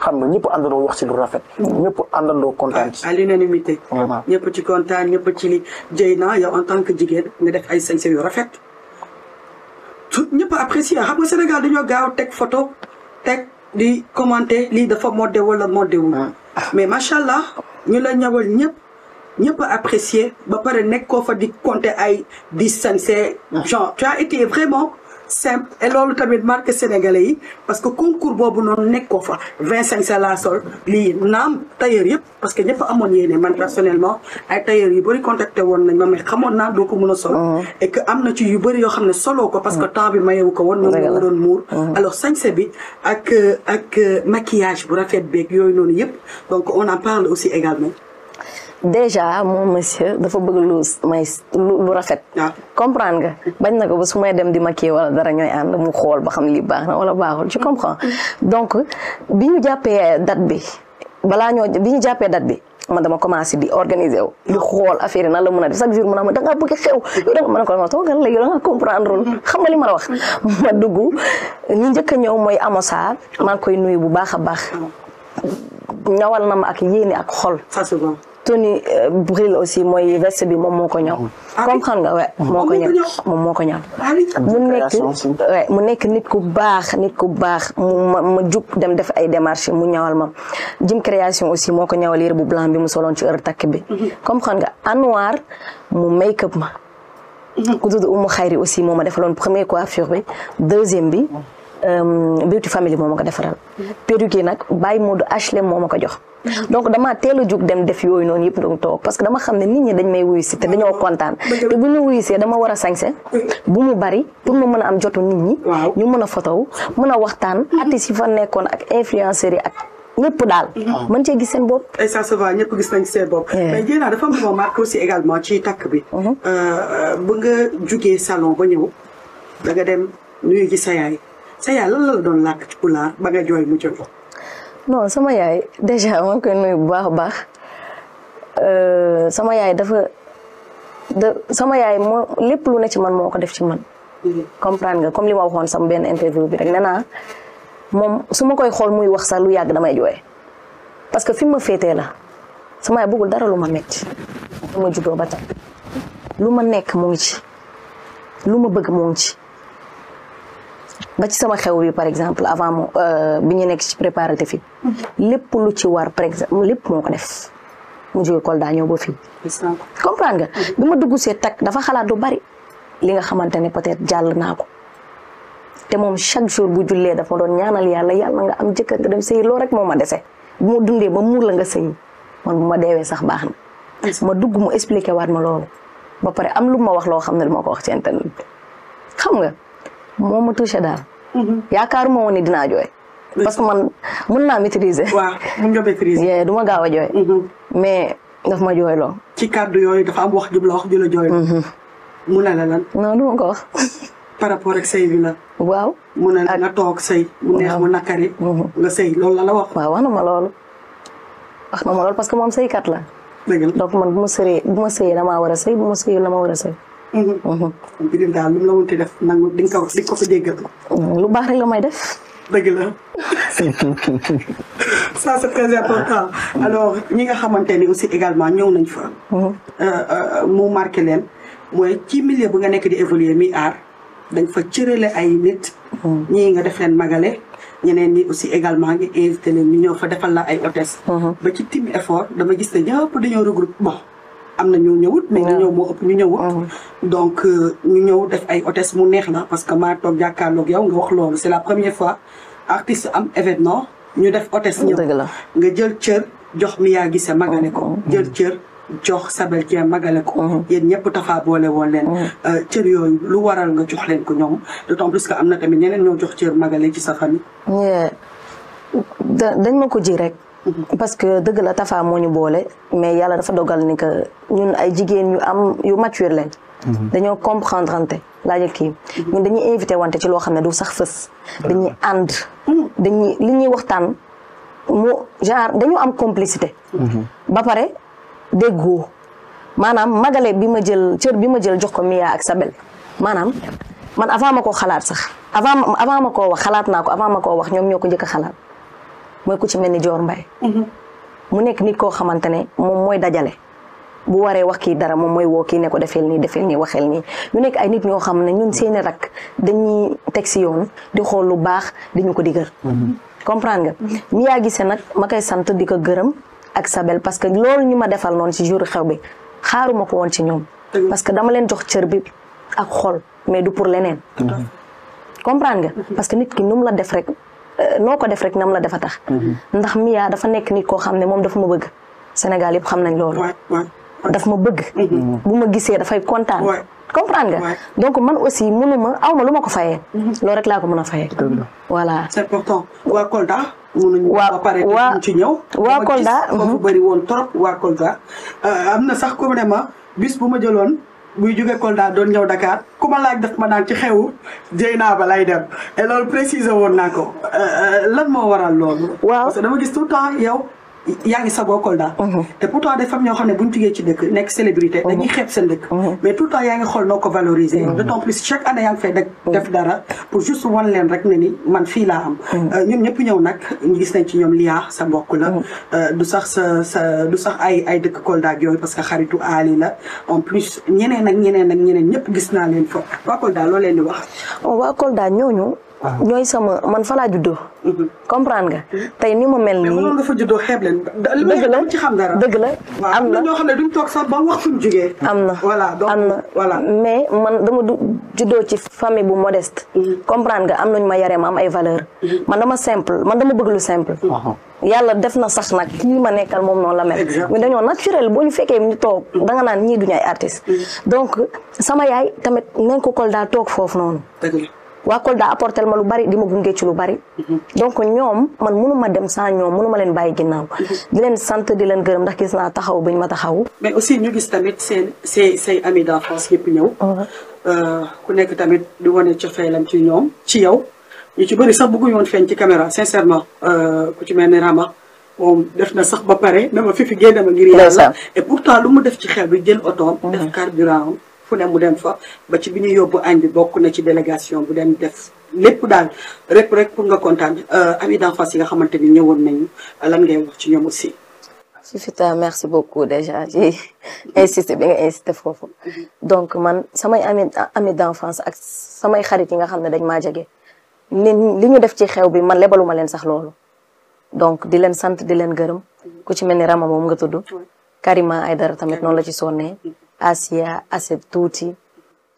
xam nga ñëpp àndandoo wax ci lu rafet. ñëpp àndandoo kontaan ci. à l'unanimité vraiment ñëpp ci kontaan ñëpp ci li jëy na yo en tant que jigéen nga def ay sañse yu rafet. su ñëpp apprécier xam nga Sénégal dañoo gaaw teg photo teg di commenter lii dafa modé wala modé wul. Ah. mais macha allah ñu la ñawal ñëpp. ñëpp apprécier ba pare nekk koo fa di compter ay di sañse ah. genre tu as été vraiment. simple et loolu tamit marqué sénégalais yi parce que concours boobu noonu nekkoo fa vingt cinq sa la sol lii naam tailleur yëpp parce que ñëpp amoon yéene man personnellement ay tailleur yu bëri contacté woon nañ ma mais xamoon naa doo ko mën a sol uh-huh. et que am na ci yu bëri yoo xam ne solo ko parce que uh-huh. temps bi mayewu ko woon moom moo doon muur uh-huh. alors sañse bi ak ak maquillage bu rafet beeg yooyu noonu yëpp donc on en parle aussi également déjà moom monsieur dafa bëgg lu may lu rafet. Ah. comprendre nga. bañ na ko ba su may dem di ma maquiller wala dara ñooy ànd mu xool ba xam li baax na wala baaxul tu comprends. donc bi ñu jàppee date bi balaa ñoo bi ñu jàppee date bi. man dama commencé di wu di xool affaire nan la mën a def chaque jour ma da ngaa bëgg xew yow da nga mën a ko ma toogal la xam nga li ma wax. ma dugg ñu njëkk a ñëw mooy Amosa maa ngi koy nuyu bu baax a baax. Ah. ñawal na ma ak yéene ak xol. tenue euh, bril aussi mooy veste bi moom moo ko ñaw. Ah comprendre nga waaye ah moo ko ñaw moom moo ko ñaw. Ah mu nekk waaye nit ku baax nit ku baax mu ma ma jug dem def ay démarches mu ñawal ma jim création aussi moo ko ñawal yére bu blanc bi mu soloon ci heure takk bi. Mhm. comprendre nga Anwar mu make ma. Mhm. ku tudd Umu Xayri aussi moo ma defaloon premier coiffure bi deuxième bi. Mhm. Euh, beauty family moo ma ko defaral perruque nag bàyyi Modou HLM moo ma ko jox mhm. donc dama teel a jug dem def yooyu noonu yëpp doon toog parce que dama xam ne nit ñi dañ may wuyu te dañoo kontaan te bu ñu wuyusee dama war a sañse bu mu bari pour ma mën a am jotu nit ñi ñu mën a fotow mën a waxtaan mhm. artistes yi fa nekkoon ak influenceurs yi ak ñëpp daal. man mhm. cee gis seen bopp. et ça ñëpp gis nañ seen bopp. Eh. mais jéem dafa am lu bi. Euh, nga jugee salon ba ñëw da nga dem nuyu ji sa sa yaay lan la doon làkk ci pulaar sama yaay déjà maa bu baax a baax euh, sama yaay dafa da sama yaay moo lépp lu ne ci man moo ko def ci man. Mm-hmm. comprendre nga comme li ma waxoon sama benn interview bi rek nee naa moom su ma koy xool muy wax sax lu yàgg damay jooy parce que fi ma féetee la sama yaay bëggul dara lu ma metti lu ma juddoo ba tey lu ma nekk mu ngi ci lu ma bëgg mu ngi ba ci sama xew bi par exemple avant mu euh, bi ñu nekk ci préparatif yi mhm. lépp lu ci war par exemple lépp moo ko def mu jóge Kolda ñëw ba fii comprendre nga mhm. bi ma dugg see takk dafa xalaat lu bari li nga xamante ne peut-être jàll naa ko te moom chaque jour bu jullee dafa doon ñaanal yàlla yàlla nga am jëkkër nga dem sëy loolu rek moo ma dese bu dundee ba muur la nga sëy man bu ma deewee sax baax na ma dugg mu expliqué waat ma loolu ba pare am lu ma wax loo xam ne dama ko wax ci internet xam nga moo ma touché daal. Mhm. yaakaaruma woon ni dinaa jooy. parce que man mën naa maîtriser. waaw mën nga maîtriser. du gaaw a jooy. Mhm. mais daf ma jooy lool. ci kàddu yooyu dafa am wax jub la wax ju la mhm. mu ne la lan. non rapport ak sëy bi la. waaw mu ne la nga toog sëy. mu neex mu nakari. nga la wax. waaw wax na ma loolu. wax na ma loolu parce que moom sëykat la. dëgg la donc man bu ma sëyee bu ma sëyee damaa war a sëy bu sëyee la ma war a sëy. kon birim daal lu mu la munti def nangu di ko di nga ko fa lu baax rek la may def. dëgg la ça c'est très important alors ñi nga xamante ne aussi également ñëw nañ fa. Mhm. Euh, euh, mu marqué leen mooy ci millier bu nga nekk di évoluer mi aar dañ fa cërale ay nit. Mhm. ñii nga def leen magale. ñeneen ñi aussi également nga invité ñu ñëw fa defal la ay hôtesse. Mhm. ba ci team effort dama gis ne ñëpp dañoo regroupe bon. am na ñu ñëwut mais ñu ñëw moo ëpp ñu ñëwut donc euh, ñu ñëw def ay hôtesse mu neex na parce que maa toog jàkkaarloog yow nga wax loolu c'est la première fois artiste am événement ñu def hôtesse ñëw nga jël cër jox Mia Guissé magale ko oh, oh. jël cër jox Sabel Dieng magale ko oh. yéen ñëpp tafa woon leen euh, cër yooyu lu waral nga jox leen ko ñoom d'autant plus que am na tamit ñeneen ñoo jox cër magale ci sa famille dañ ma ko ji rek parce que dëgg la Tafa moo ñu boole mais yàlla dafa dogal ni que ñun ay jigéen ñu am yu mature lañ. Mhm. dañoo comprendre ante laajal kii mhm. ñun dañuy invité wante ci loo xam ne du sax fës. dañuy ànd. dañuy li ñuy waxtaan mu genre dañu am complicité. Mhm. ba pare déggoo maanaam magale bi ma jël cër bi ma jël jox ko Mia ak Sabel maanaam man avant ma ko xalaat sax avant avant ma koo wax xalaat naa ko avant ma ko wax ñoom ñoo ko njëkk a xalaat. mooy ku ci mel ni Dior mbay mu nekk nit koo xamante ne moom mooy dajale bu waree wax kii dara moom mooy woo kii ne ko defeel nii defeel nii waxeel nii ñu nekk ay nit ñoo xam ne ñun seeni rak dañuy teg si yoon di xool lu baax di ñu ko digal comprendre nga yaa mm-hmm. gisee nag ma koy sant di ko gërëm ak Sabel parce que loolu ñu ma defal noonu ci jour xew bi xaaruma ko woon ci ñoom parce que dama leen jox cër bi ak xool mais du pour leneen comprendre nga mm-hmm. parce que nit ki nu mu la def rek Euh, noo ko def rek nam la defa tax. Mhm. ndax Mia dafa nekk nii koo xam ne moom dafa ma bëgg. Sénégal yëpp xam nañ loolu. daf ma bëgg. Mhm. bu ma gisee dafay kontaan. comprendre nga donc man aussi mënuma aw ma lu ma ko faye mhm. loolu rek laa ko mën a faye voilà c'est important waa Kolda. mënuñu ba pare ci ñëw. waa Kolda ma gis bëri woon trop waa Kolda. Euh, am na sax comme ne ma bis bu ma jëloon. buy jóge Kolda doon ñëw Dakar ku ma laaj daf ma naan ci xewu Dieyna ba lay dem et loolu préciser woon naa ko euh, euh, lan moo waral loolu. waaw parce que ma gis tout le temps yow. yaa ngi sagoo Kolda. Uh-huh. te pourtant des femmes ñoo xam ne bu ñu jugee ci dëkk nekk célébrité. Uh-huh. dañuy xeeb seen dëkk. Uh-huh. mais tout le temps yaa ngi xool noo ko valoriser. d'autant plus chaque année yaa ngi fay def dara pour juste wan leen rek ne ni man fii laa am. Euh, ñoom ñëpp ñëw nag ñu gis nañ ci ñoom Lia sa mbokk la. Euh, du sax sa sa du sax ay ay dëkk Kolda ak parce que xaritu Ali la en plus ñeneen ak ñeneen ak ñeneen ñëpp gis naa leen fa waa Kolda leen di wax. Oh, waa Kolda ñooñu. ñooy sama man fa laa juddoo. Mhm. comprendre nga tey ni ma mel nii. mais mënoon fa juddoo xeeb la ci xam dara dëgg la. am na ñoo xam ne duñ toog sax ba wax fuñ jugee. am na voilà donc voilà. mais man dama juddoo ci famille bu modeste. Mhm. comprendre nga am nañu ma yaree ma am ay valeur mhm. man dama simple man dama bëgg lu simple. yàlla def na sax nag kii ma nekkal moom noonu la mel. mais dañoo naturel boo ñu fekkee ñu toog danga naan ñii duñu ay donc sama yaay tamit nañ ko kol daa toog foofu noonu. waa Kolda apporter ma lu bari di ma gunge ci lu bari. Mm-hmm. donc ñoom man mënu ma dem sans ñoom mënu ma leen bàyyi ginnaaw. Mm-hmm. di leen sant di leen gërëm ndax gis naa taxaw ba ñu ma taxaw. mais aussi ñu gis tamit seen say say amis d'enfance yëpp ñëw. Mm-hmm. Euh, ku nekk tamit di wane cofeelam ci ñoom ci yow. ñu ci bëri sax bëgguñu yoon feeñ ci caméra sincèrement euh, ku ci mel ne Rama moom def na sax ba pare na ma fi fi génn ma ngir yàlla. et pourtant lu mu def ci xel bi jël otoom. def fu ne mu dem fa ba ci bi ñu yóbbu añ bi bokk na ci délégation bu dem def lépp daal rek rek pour nga kontaan euh, ami d'enfance yi nga xamante ni ñëwoon nañu lan ngay wax ci ñoom si Fifita merci beaucoup déjà ci insisté bi nga insisté foofu. Mhm. donc man samay ami ami d'enfance ak samay xarit yi nga xam ne dañ maa jege. ni li ñu def ci xew bi man lebaluma leen sax loolu. donc di leen sant di leen gërëm. Mhm. ku ci mel ni Rama moom nga tudd. Karima dara tamit noonu la ci sonnee. Mhm. Asia Asset tuuti.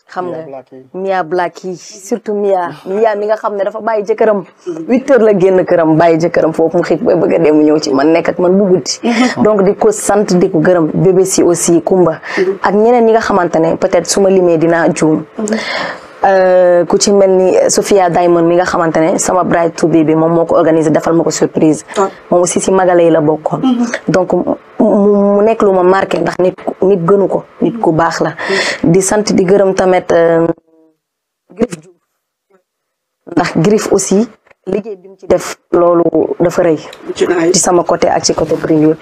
xam nga Mia Black yi surtout Mia Mia mi nga xam ne dafa bàyyi jëkkëram huit heures la génn këram bàyyi jëkkëram foofu mu xëj ba bëgg a dee mu ñëw ci man nekk man bu guddi donc di ko sant di ko gërëm bébé si aussi Kumba mm-hmm. ak ñeneen ñi nga xamante ne peut-être suma ma limee dinaa juum mm-hmm. Euh, ku ci mel ni Sophia Diamond mi nga xamante ne sama bride to be bi moom moo ko organisé defal ma ko surprise. moom aussi si magale yi la bokkoon. Mm-hmm. donc mu nekk lu ma marqué ndax nit nit gënu ko nit ku baax la. Mm-hmm. di sant di gërëm tamit euh, Griff Diouf ndax Griff aussi. liggéey bi mu ci def loolu dafa rëy. ci sama coté ak ci côté Brindwood.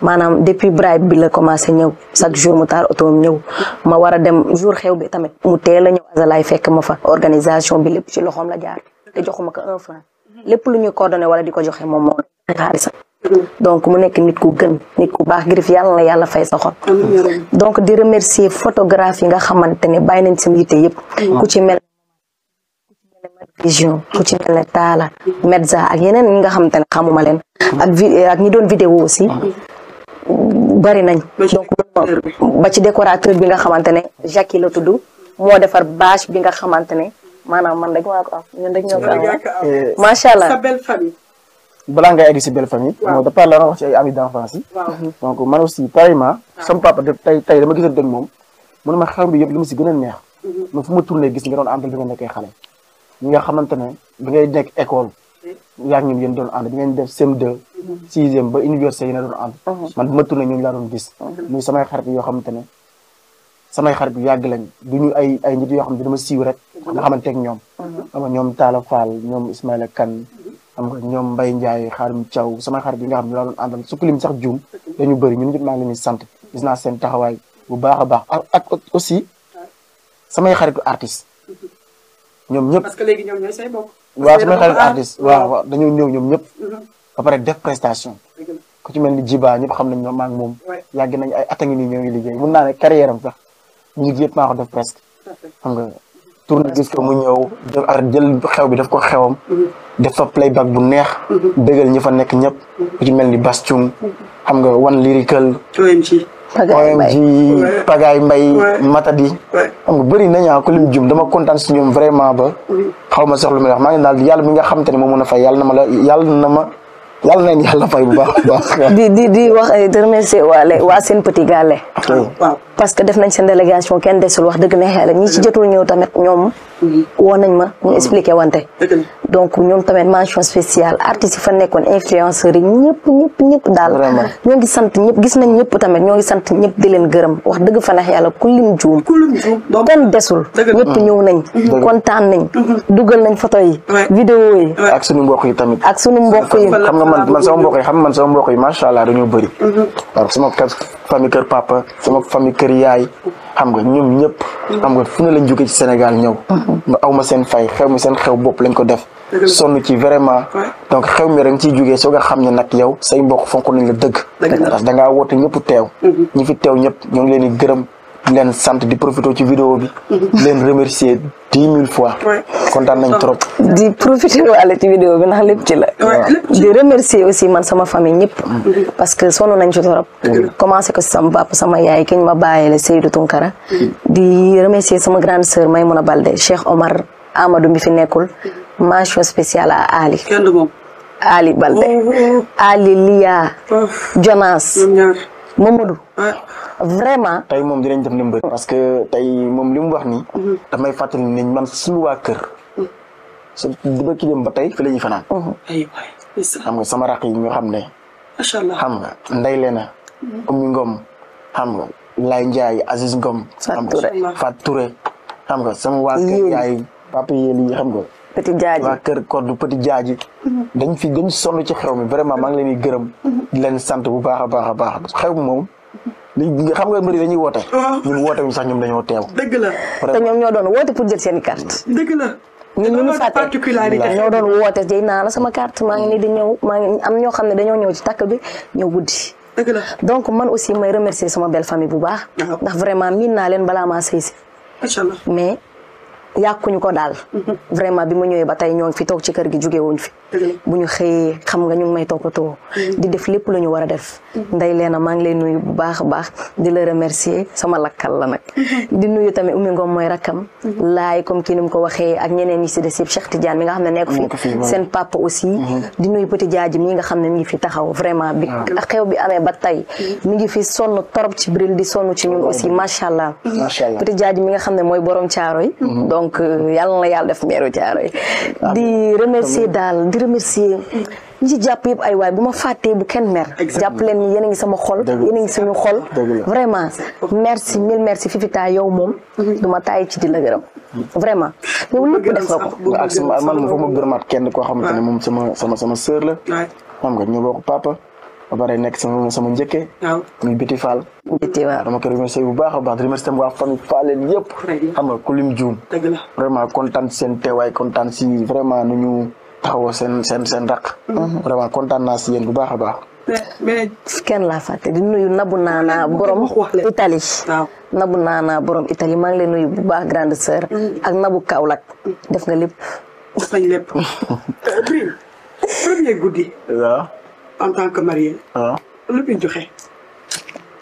maanaam depuis bribe bi la commencé ñëw chaque jour mu taar otoom ñëw. ma war a dem jour xew bi tamit mu teel a ñëw azalaay fekk ma fa organisation bi lépp ci loxoom la jaar te joxuma ko un franc lépp lu ñu coordonné wala di ko joxe moom moo xaalisam donc mu nekk nit ku gën nit ku baax Griff yàlla na yàlla fay sa xol di remercier photographe yi nga xamante ne bàyyi nañ seen yitte yëpp ku ci mel vision ku ci mel ne Talla Medza ak yeneen ñi nga xamante ne xamuma leen ak ak ñi doon vidéo aussi bari nañ donc ba ci décorateur bi nga xamante ne Jackie la tudd moo defar bâche bi nga xamante ne maanaam man dañ maa ko am ñun dañ ñoo ko am macha eh, allah sa belle famille balaa ngay egg belle famille moo da parle la wax ci ay amis d'enfance mhm. man ma xarum bi yëpp li mu si gën a neex mhm. ma fu ma gis nga doon àndal bi nga nekkee xale ñi nga xamante ne bi ngay nekk école yaa ngi ñoom yéen doon ànd bi ngeen def CM2 sixième ba université yéen a mhm. man bu ma tourné ñoom laa doon gis mhm. muy samay xarit yoo xamante ne samay xarit yu yàgg lañ du ñu ay ay nit yoo xam ne dama siiw rek nga xamante ñoom mhm. xam nga ñoom Talla Fall ñoom Ismaïla Kane xam nga ñoom Mbaye Ndiaye Xaarim Thiaw samay xarit yi nga xam ne laa doon àndal su lim sax juum dañu bëri ñun ñëpp maa ngi leen sant gis naa seen taxawaay bu baax a baax ak ak aussi samay xaritu artiste ñoom ñëpp parce que léegi ñoom ñooy su may xarit artiste waaw waaw dañoo ñëw ñoom ñëpp. Mhm. ba pare def prestation. ku ci mel ni Jiba ñëpp xam nañ ñoom maak moom. yàgg nañ ay at a ngi ñoo ngi liggéey mun naa ne carrière am sax musique yëpp maa ko def presque. xam nga tourné gis mu ñëw jël ar jël xew bi def ko xewam. Mhm. def fa playback bu neex. Mhm. bëggal ñi fa nekk ñëpp. ku ci mel ni Bass xam nga wan lyrical. OMG. ONG Pagaay Mbay Matadi xam nga bëri nañaa ah ko lim jum dama kontaan si ñoom vraiment ba xaw ma sax lu may wax maa ngi yàlla mi nga xam te ne moo mën a fay yàlla na ma la yàlla na ma yàlla nañ yàlla fay bu baax bu di di di wax eh, di remercier waale waa seen petit gàlle waaw parce que def nañ seen délégation kenn desul wax dëgg neex yàlla ñi ci jotul ñëw tamit ñoom. woo nañ ma ñu expliqué wante. donc ñoom tamit mention spéciale artistes nekkoon influenceurs yi ñëpp ñëpp ñëpp daal. ñoo ngi ñëpp gis nañ ñëpp tamit ñoo ngi sant ñëpp di leen gërëm wax dëgg fa neex yàlla ku lim juum. kenn desul. ñëpp ñëw nañ. kontaan nañ. dugal nañ photo yi. yi. ak sunu mbokk yi tamit. ak sunu mbokk yi. xam nga man man sama mbokk yi xam man sama mbokk yi macha allah dañoo bëri. Mm-hmm. sama famille kër papa kër yaay xam nga ñoom ñëpp xam nga fu ne lañ jóge ci Sénégal ñëw nga mhm. aw ma seen fay xew mi seen xew bopp lañ ko def sonn ci vraiment donc xew mi rek ciy jógee soo nga xam ne nag yow say mbokk fonk nañ la dëgg parce que dangaa woote ñëpp teew mhm. ñi fi teew ñëpp ñoo ngi leen gërëm di leen sant di profité ci vidéo bi. di mhm. leen remercier dix mille fois. nañ trop. di profité walla ci vidéo bi ndax lépp ci la. di remercier aussi man sama famille ñëpp. Mhm. parce que sonn nañ ci trop. commencé ko si sama papa sama yaay kiñ ma bàyyi la Seydou Tunkara. Mhm. di remercier sama grande sœur a Balde Cheikh Omar Amadou mi fi nekkul. mention spécial à Ali. Ali Balde. Oh, oh, oh. Ali Lia. Jonas. Mamadou. vraiment. tey moom dinañ def ni mu bëri. parce que tey moom li mu wax nii. Mhm. damay fàttali ni man suñu waa kër. Mhm. su ba kii dem ba tey fi la fanaan. Mhm. aywaay xam nga sama raq yi nga xam ne. macha xam nga ndey leena. Oumy Ngom xam nga. Lay Ndiaye Aziz Ngom. Fatou Touré Fatou Touré xam nga sama waa kër yaay papa yéen yi xam nga. Petit Jaaji waa kër Kodou Petit Jaaji. dañ fi dañ sonn ci xew mi vraiment maa ngi leen di gërëm. di leen sant bu baax a baax a baax xew moom. li xam nga mbëri dañuy woote. Ah. ñun woote wuñ sax ñoom dañoo teew. dëgg la te ñoom ñoo doon woote pour jël seen carte. dëgg la. ñun ñu ngi fàtte ñoo doon woote jëy naa la sama carte maa ngi nii di ñëw maa ngi am ñoo xam ne dañoo ñëw ci takk bi ñëw guddi. dëgg la donc man aussi may remercier sama belle famille bu baax. Ah. ndax vraiment miin naa leen balaa maa sëy si. mais yàkkuñu ko daal. vraiment bi ma ñëwee ba tey ñoo fi toog ci kër gi jugee wuñ fi. bu ñu xëyee xam nga ñu ngi may toppatoo. Mm-hmm. di def lépp la ñu war a def. Mm-hmm. nday leena maa ngi lay nuyu bu baax a baax di la remercier sama lakkal la nag. Mm-hmm. di nuyu tamit Oumy Ngom mooy rakkam. laay comme ki ni mu ko waxee ak ñeneen yi si des yëpp Cheikh Tidiane mi nga xam ne nekk fi. seen papa aussi. di nuyu Petit Diadji mi nga xam ne mi fi taxaw vraiment bi ah. xew bi amee ba tey. mu ngi fi sonn torop ci bril di sonn ci ñun aussi macha allah. macha allah Petit Diadji mi nga xam ne mooy borom caaro yi donc euh, yàlla na yàlla def meeru Caaroy di remercier daal di remercier ñi ci jàpp yëpp ay waay bu ma fàttee bu kenn mer jàpp leen ni yéen a sama xol yéen a ngi suñu xol vraiment merci mille merci Fifita yow moom mhm. du ma tàyyi ci di la gërëm vraiment mhm. yow lépp def nga ko ak sama man fa ma gërëmaat kenn koo xamante ne moom sama sama sama sœur la xam nga ñu ba pare nekk sama sama njëkke muy Biti Fall dama ko remercier bu baax a baax di remercier waa famille Falleen yëpp xam nga ku lim juum vraiment kontaan seen teewaay kontaan si vraiment nu ñu taxawoo seen seen seen raq mhm. vraiment kontaan naa si yéen bu baax a baax mais kenn laa fàtte di nuyu nabu naanaa borom Italie nabu naanaa borom Italie maa ngi lay nuyu bu baax grande sœur mhm. ak nabu Kaolack mhm. def nga lépp def en tant que marié. Ah. lu muy joxe.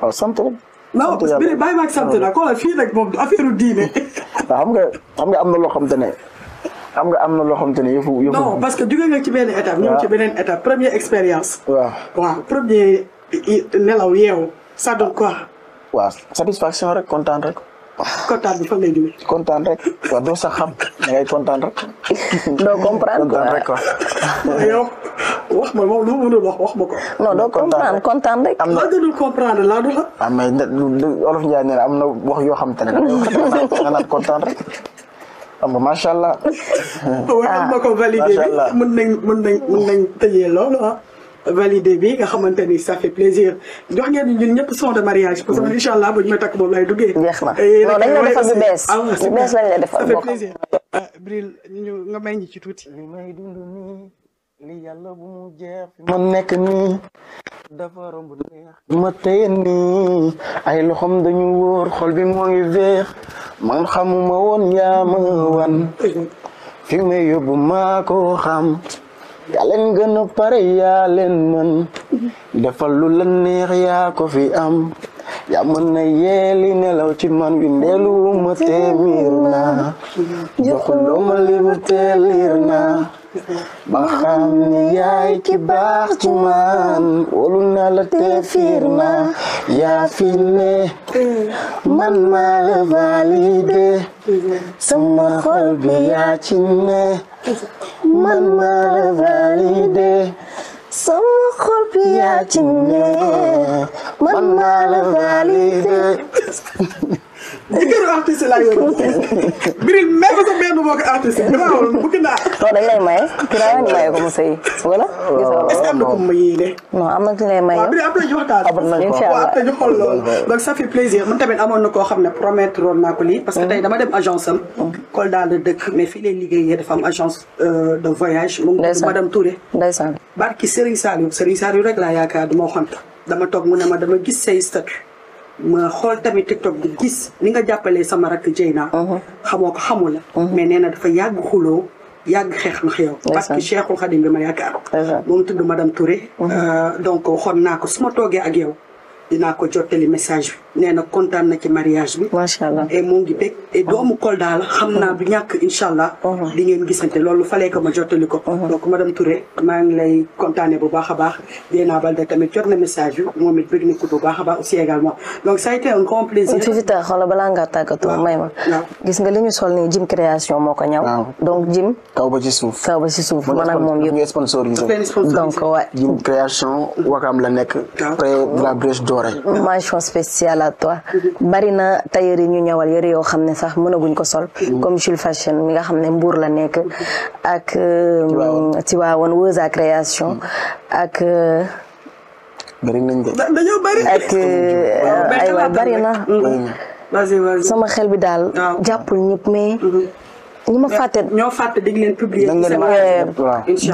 waaw ah, sant rek. sant yàlla non bi bàyyi ma ak sant nag xoolal fii nag moom affaire diine. waaw xam nga xam nga am na loo xam te ne. xam nga am na loo xam ne yëfu non parce que jóge nga ci benn étape. waaw ñëw ci beneen étape première expérience. waaw waaw premier nelaw yeewu. ça donne quoi. waaw satisfaction rek kontaan rek. kontaan kontaan rek waaw doo sax xam da ngay kontaan rek. doo comprendre kontaan rek quoi. wax ma moom lu ma wax ma ko. non doo comprendre kontaan rek. am na laa gënul comprendre laa du am na yoo xam ne nga naan kontaan rek. am nga macha allah. ah ma ko validé bi mën nañ mën mën nañ tëjee loolu ah. validé bi nga xamante ni ça fait plaisir jox ngeen ñun ñëpp son de mariage. parce que incha allah bu ñu takk moom lay duggee. jeex na eh, non dañ la defal bu bees. bu ah, bees li yàlla bu mu jeex fi ma nekk nii dafa romb neex ma téye nii ay loxom dañu wóor xol bi moo ngi veex man xamuma woon yaa ma wan fi ma yóbbu maa xam yaa gën pare yaa leen mën lu la neex yaa ko fi am yaa mën na yeeli nelaw ci man wi ndeelu ma téemiir naa joxuloo ma libu teeliir ma xam ni yaay ki baax ci man wóolu naa la te fiir na yaa fi ne man maa la validé sama xol bi yaa ci ne man maa la validé sama xol bi yaa ci ne maa la validé artiste laa yor Bril mel ko benn mbokk artiste grawul bëgg naa. waaw dañ lay maye Kira ñu maye ko mu sëy wala. est-ce que am na ko mu yii de. non am na ku lay maye. waaw Bril après ñu waxtaan. incha allah après ñu xool loolu. donc ça fait plaisir man tamit amoon na koo xam ne promettre woon naa ko lii. parce que hmm. tey dama dem agence am. Hmm. Kolda la dëkk mais fii lay liggéeyee dafa am agence euh, de voyage. ndeysaan madame Touré. ndeysaan. barki Serigne Saliou Serigne Saliou rek laa yaakaar du ma xont dama toog mu ne ma dama gis say statut. ma xool tamit TikTok bi gis ni nga jàppalee sama rakk Dieyna. Uh-huh. xamoo ko xamu la. Uh-huh. mais nee na dafa yàgg xuloo yàgg xeex na yow. parce que Cheikhul Khadim bi ma yaakaar. moom tudd madame Touré. Uh-huh. Euh, donc xool naa ko su ma toogee ak yow. dinaa ko jottali message bi nee na kontaan na ci mariage bi. macha allah et moo ngi bég et doomu Kolda la xam naa du ñàkk incha allah. Uh-huh. di ngeen gisante loolu falee ko ma jottali ko. Uh-huh. donc madame Touré bu baax a baax. Dieyna Baldé tamit jot na message bi moom it bég na bu baax a baax aussi également a été un grand plaisir. tuuti taal xoolal balaa ngaa tàggatoo may ma. gis nga li ñu sol nii Jim création moo ko ñaw. donc Jim. kaw ba ci suuf kaw ba ci suuf. man ak moom yëpp donc waay. Jim création Wakam la nekk. près de war a mention spéciale à toi bari na tailleur yi ñu ñawal yëre yoo xam ne sax mënaguñ ko sol mm. comme Jules Fashion mi nga xam ne Mbour la nekk ak euh, Tivaouane Weuza création mm. ak euh, bari bari ak euh, aywa bari na mm-hmm. sama xel bi daal jàppul ñëpp mais mm-hmm. ñi ma fàtte ñoo fàtte di leen publier.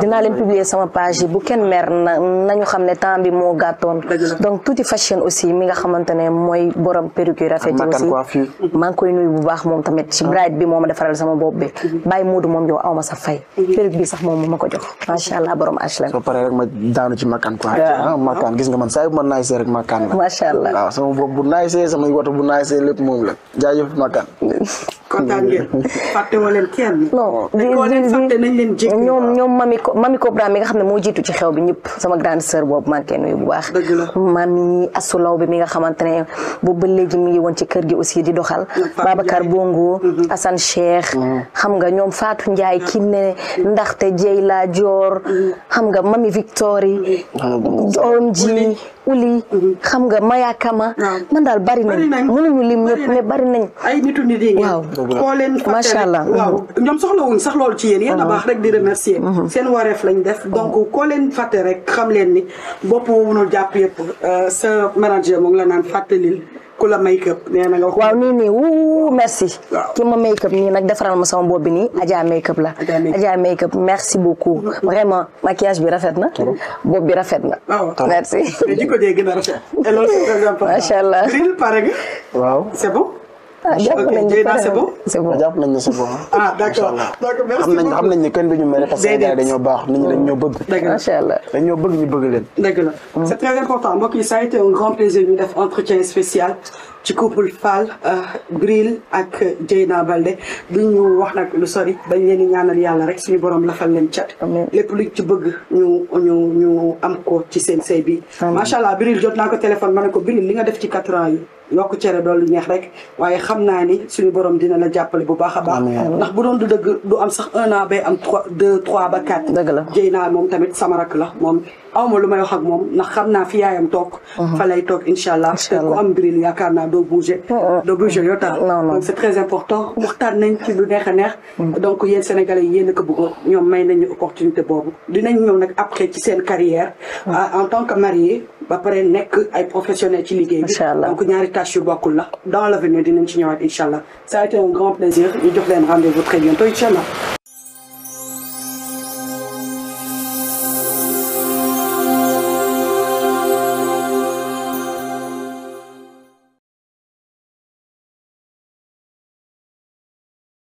dinaa leen publier sama page bu kenn mer na nañu xam ne temps bi moo gàttoon. donc tuuti fashion aussi mi nga xamante ne mooy borom perruque yu rafet yi aussi. Mhm. maa ngi koy nuyu bu baax moom tamit ci ah. bride bi moo ma defaral sama bopp bi. Mhm. bàyyi Moodu moom yow aw ma fay. Mhm. perruque bi sax moom moo ma ko jox macha allah borom HLM. soo paree rek ma daanu ci makaan quoi. waaw ah, makaan gis nga man saa yu ma naay see rek makaan la. macha allah waaw sama bopp bu naay sama woto bu naay see moom la jaajëf makaan. kontaan leen kenn. non di ñoom ñoom mami ko mami Cobra mi nga xam ne moo jiitu ci xew bi ñëpp sama grande sœur boobu man ngi koy bu baax. dëgg la mami asulaw bi mi nga xamante ne boobu ba léegi mi ngi woon ci kër gi aussi di doxal. Babacar Bongo. Mhm. Assane Cheikh. Mhm. xam nga ñoom Fatou Ndiaye ki ne ndaxte Dieyla joor mhm. xam nga mami Victory. om ji uli xam nga mayakama man daal bari nañ mënuñu lim ñëpp bari nañ ay allah waaw ñoom soxlawuñ sax loolu a ah. baax rek di remercier mm-hmm. seen wareef lañ def donc koo leen euh, la naan fàttalil ku la make up nee na a wax waaw nii nii a merci ki ma make up nii a defaral a sama bopp bi nii Adja make up la Adja merci beaucoup mm-hmm. vraiment maquillage bi na mm-hmm. bopp bi na ah, merci jikko jee gën a rafet et loolu c'est très waaw ah jàpp nañ eh, ne c'est bon c'est bon ah, jàpp nañ ne c'est bon. ah d'accord d'accord merci xam nañ xam nañ ne kenn duñu mere parce que gars dañoo baax nit ñi dañ ñoo bëgg. dëgg la macha allah dañ ñoo bëgg ñu bëgg leen. dëgg la mm. c'est très important mbokk yi ça a été un grand plaisir ñu def entretien spécial ci couple Fall euh, Bril ak Dieyna Baldé duñ ñu wax nag lu sori bañ leen di ñaanal yàlla rek suñu borom lafal leen cat. lépp luñ ci bëgg ñu ñu ñu am ko ci seen sëy bi. macha allah Bril jot naa ko téléphone ma ne ko Bril li nga def ci quatre ans yi. yokk cere dolli ñeex rek waaye xam naa ni suñu borom dina la jàppale bu baax a baax ndax bu doon du dëgg du am sax un an bay am trois deux trois ba quatre dëgg la Dieyna moom tamit sama rakk la moom aw ma lu may wax ak moom ndax xam naa fi yaayam toog. Uh-huh. fa lay toog incha allah. te am bril yaakaar naa doo bouger. Uh-uh. doo bouger uh-uh. yoo tax. donc c' est très important waxtaan nañ ci lu neex a neex. Mm. donc yéen sénégalais yéen a ko bëggoon ñoom may nañu opportunité boobu. dinañ ñëw nag après ci seen carrière. Mm. Ah, en tant que marié ba pare nekk ay professionnels ci liggéey bi. donc ñaari tâches yu bokkul la. dans l' avenir dinañ ci ñëwaat incha allah. ça a été un grand plaisir ñu jox leen rendez vous allah.